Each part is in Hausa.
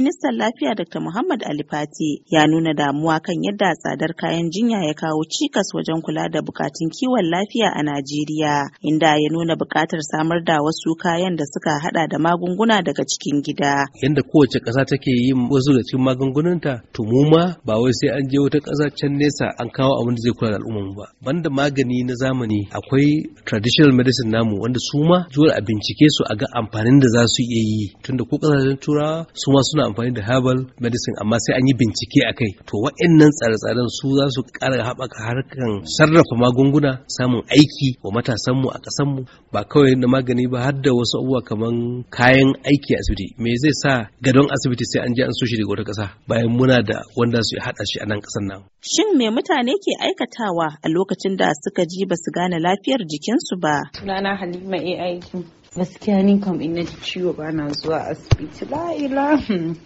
ministan lafiya Dr. Muhammad Ali Fati ya nuna damuwa kan yadda tsadar kayan jinya ya kawo cikas wajen kula da bukatun kiwon lafiya a Najeriya, inda ya nuna bukatar samar da wasu kayan da suka hada da magunguna daga cikin gida. Yadda kowace kasa take yin wasu da cikin magungunanta, to mu ma ba wai sai an je wata kasa can nesa an kawo abin da zai kula da al'umma ba. Banda magani na zamani akwai traditional medicine namu wanda su ma zuwa a bincike su a ga amfanin da za su iya yi tunda ko kasashen turawa su ma suna amfani da herbal medicine amma sai an yi bincike a kai to waɗannan tsare-tsaren su za su ƙara haɓaka harkar sarrafa magunguna samun aiki wa matasanmu a ƙasanmu ba kawai na magani ba har da wasu abubuwa kamar kayan aiki a asibiti me zai sa gadon asibiti sai an je an so shi daga wata ƙasa bayan muna da wanda su haɗa shi a nan ƙasar nan. Shin me mutane ke aikatawa a lokacin da suka ji ba su gane lafiyar jikinsu ba? Sunana Halima AIG. gaskiya ni kam in na ji ciwo ba na zuwa asibiti la ila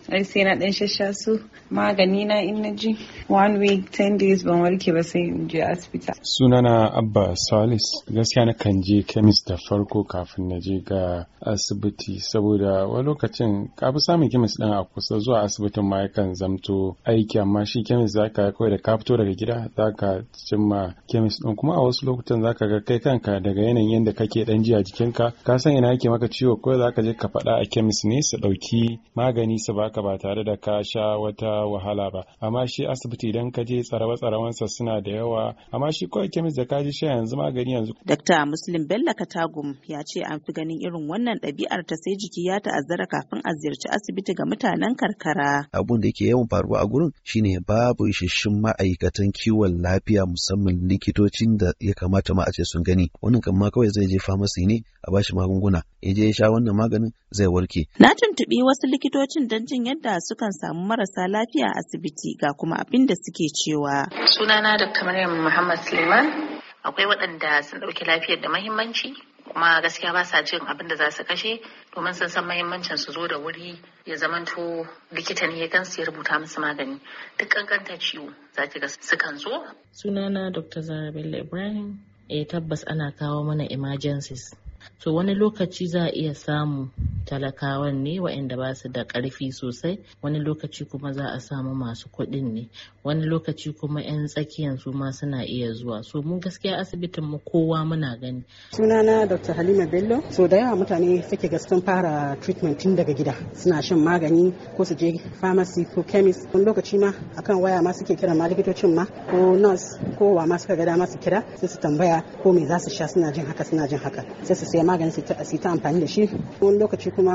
ai sai na dan shasha su magani na in na ji one week ten days ban warke ba sai in je asibiti sunana abba salis gaskiya na kan je kemis da farko kafin na je ga asibiti saboda wani lokacin ka fi samun kemis din a kusa zuwa asibitin ma yakan zamto aiki amma shi kemis zaka kawai da ka fito daga gida zaka cimma kemis din kuma a wasu lokutan zaka ga kai kanka daga yanayin yadda kake dan ji a jikinka ka san san ina yake maka ciwo ko za ka je ka faɗa a kemis ne su ɗauki magani su baka ba tare da ka sha wata wahala ba amma shi asibiti idan ka je tsarawa tsarawansa suna da yawa amma shi kawai kemis da ka ji sha yanzu magani yanzu. Dakta Muslim Bello Katagum ya ce an fi ganin irin wannan ɗabi'ar ta sai jiki ya ta'azzara kafin a ziyarci asibiti ga mutanen karkara. Abun da yake yawan faruwa a gurin shine babu isasshen ma'aikatan kiwon lafiya musamman likitocin da ya kamata ma a ce sun gani wannan kan ma kawai zai je famasi ne a bashi magunguna magunguna ya je ya sha wannan maganin zai warke. Na tuntuɓi wasu likitocin don jin yadda sukan samu marasa lafiya a asibiti ga kuma abin da suke cewa. Sunana da kamar Muhammad Suleiman akwai waɗanda sun ɗauki lafiyar da mahimmanci kuma gaskiya ba sa jin abin da za su kashe domin sun san mahimmancin su zo da wuri ya zamanto likita ne ya gansu ya rubuta musu magani duk kankanta ciwo za ki ga sukan zo sunana dr zara bello ibrahim eh tabbas ana kawo mana emergencies to wani lokaci za a iya samu talakawan ne waɗanda ba su da ƙarfi sosai wani lokaci kuma za a samu masu kuɗin ne wani lokaci kuma 'yan tsakiyan su ma suna iya zuwa so mun gaskiya asibitin mu kowa muna gani sunana dr halima bello so da yawa mutane suke ga fara treatment tun daga gida suna shan magani ko su je pharmacy ko chemist wani lokaci ma akan waya ma suke kira ma likitocin ma ko nurse ko ma suka ga dama su kira sai su tambaya ko me za su sha suna jin haka suna jin haka sai su saya maganin su ta amfani da shi wani lokaci kuma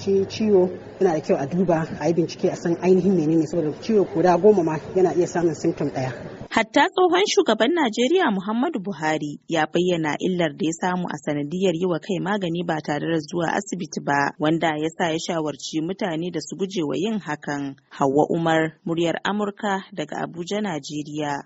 shi ciwo yana da kyau a duba a yi bincike a san ainihin menene saboda ciwo koda goma ma yana iya samun symptom ɗaya. Hatta tsohon shugaban Najeriya Muhammadu Buhari ya bayyana illar da ya samu a sanadiyar yi wa kai magani ba tare da zuwa asibiti ba, wanda ya sa ya shawarci mutane da su guje wa yin hakan. hawa Umar, muryar Amurka daga Abuja, Najeriya.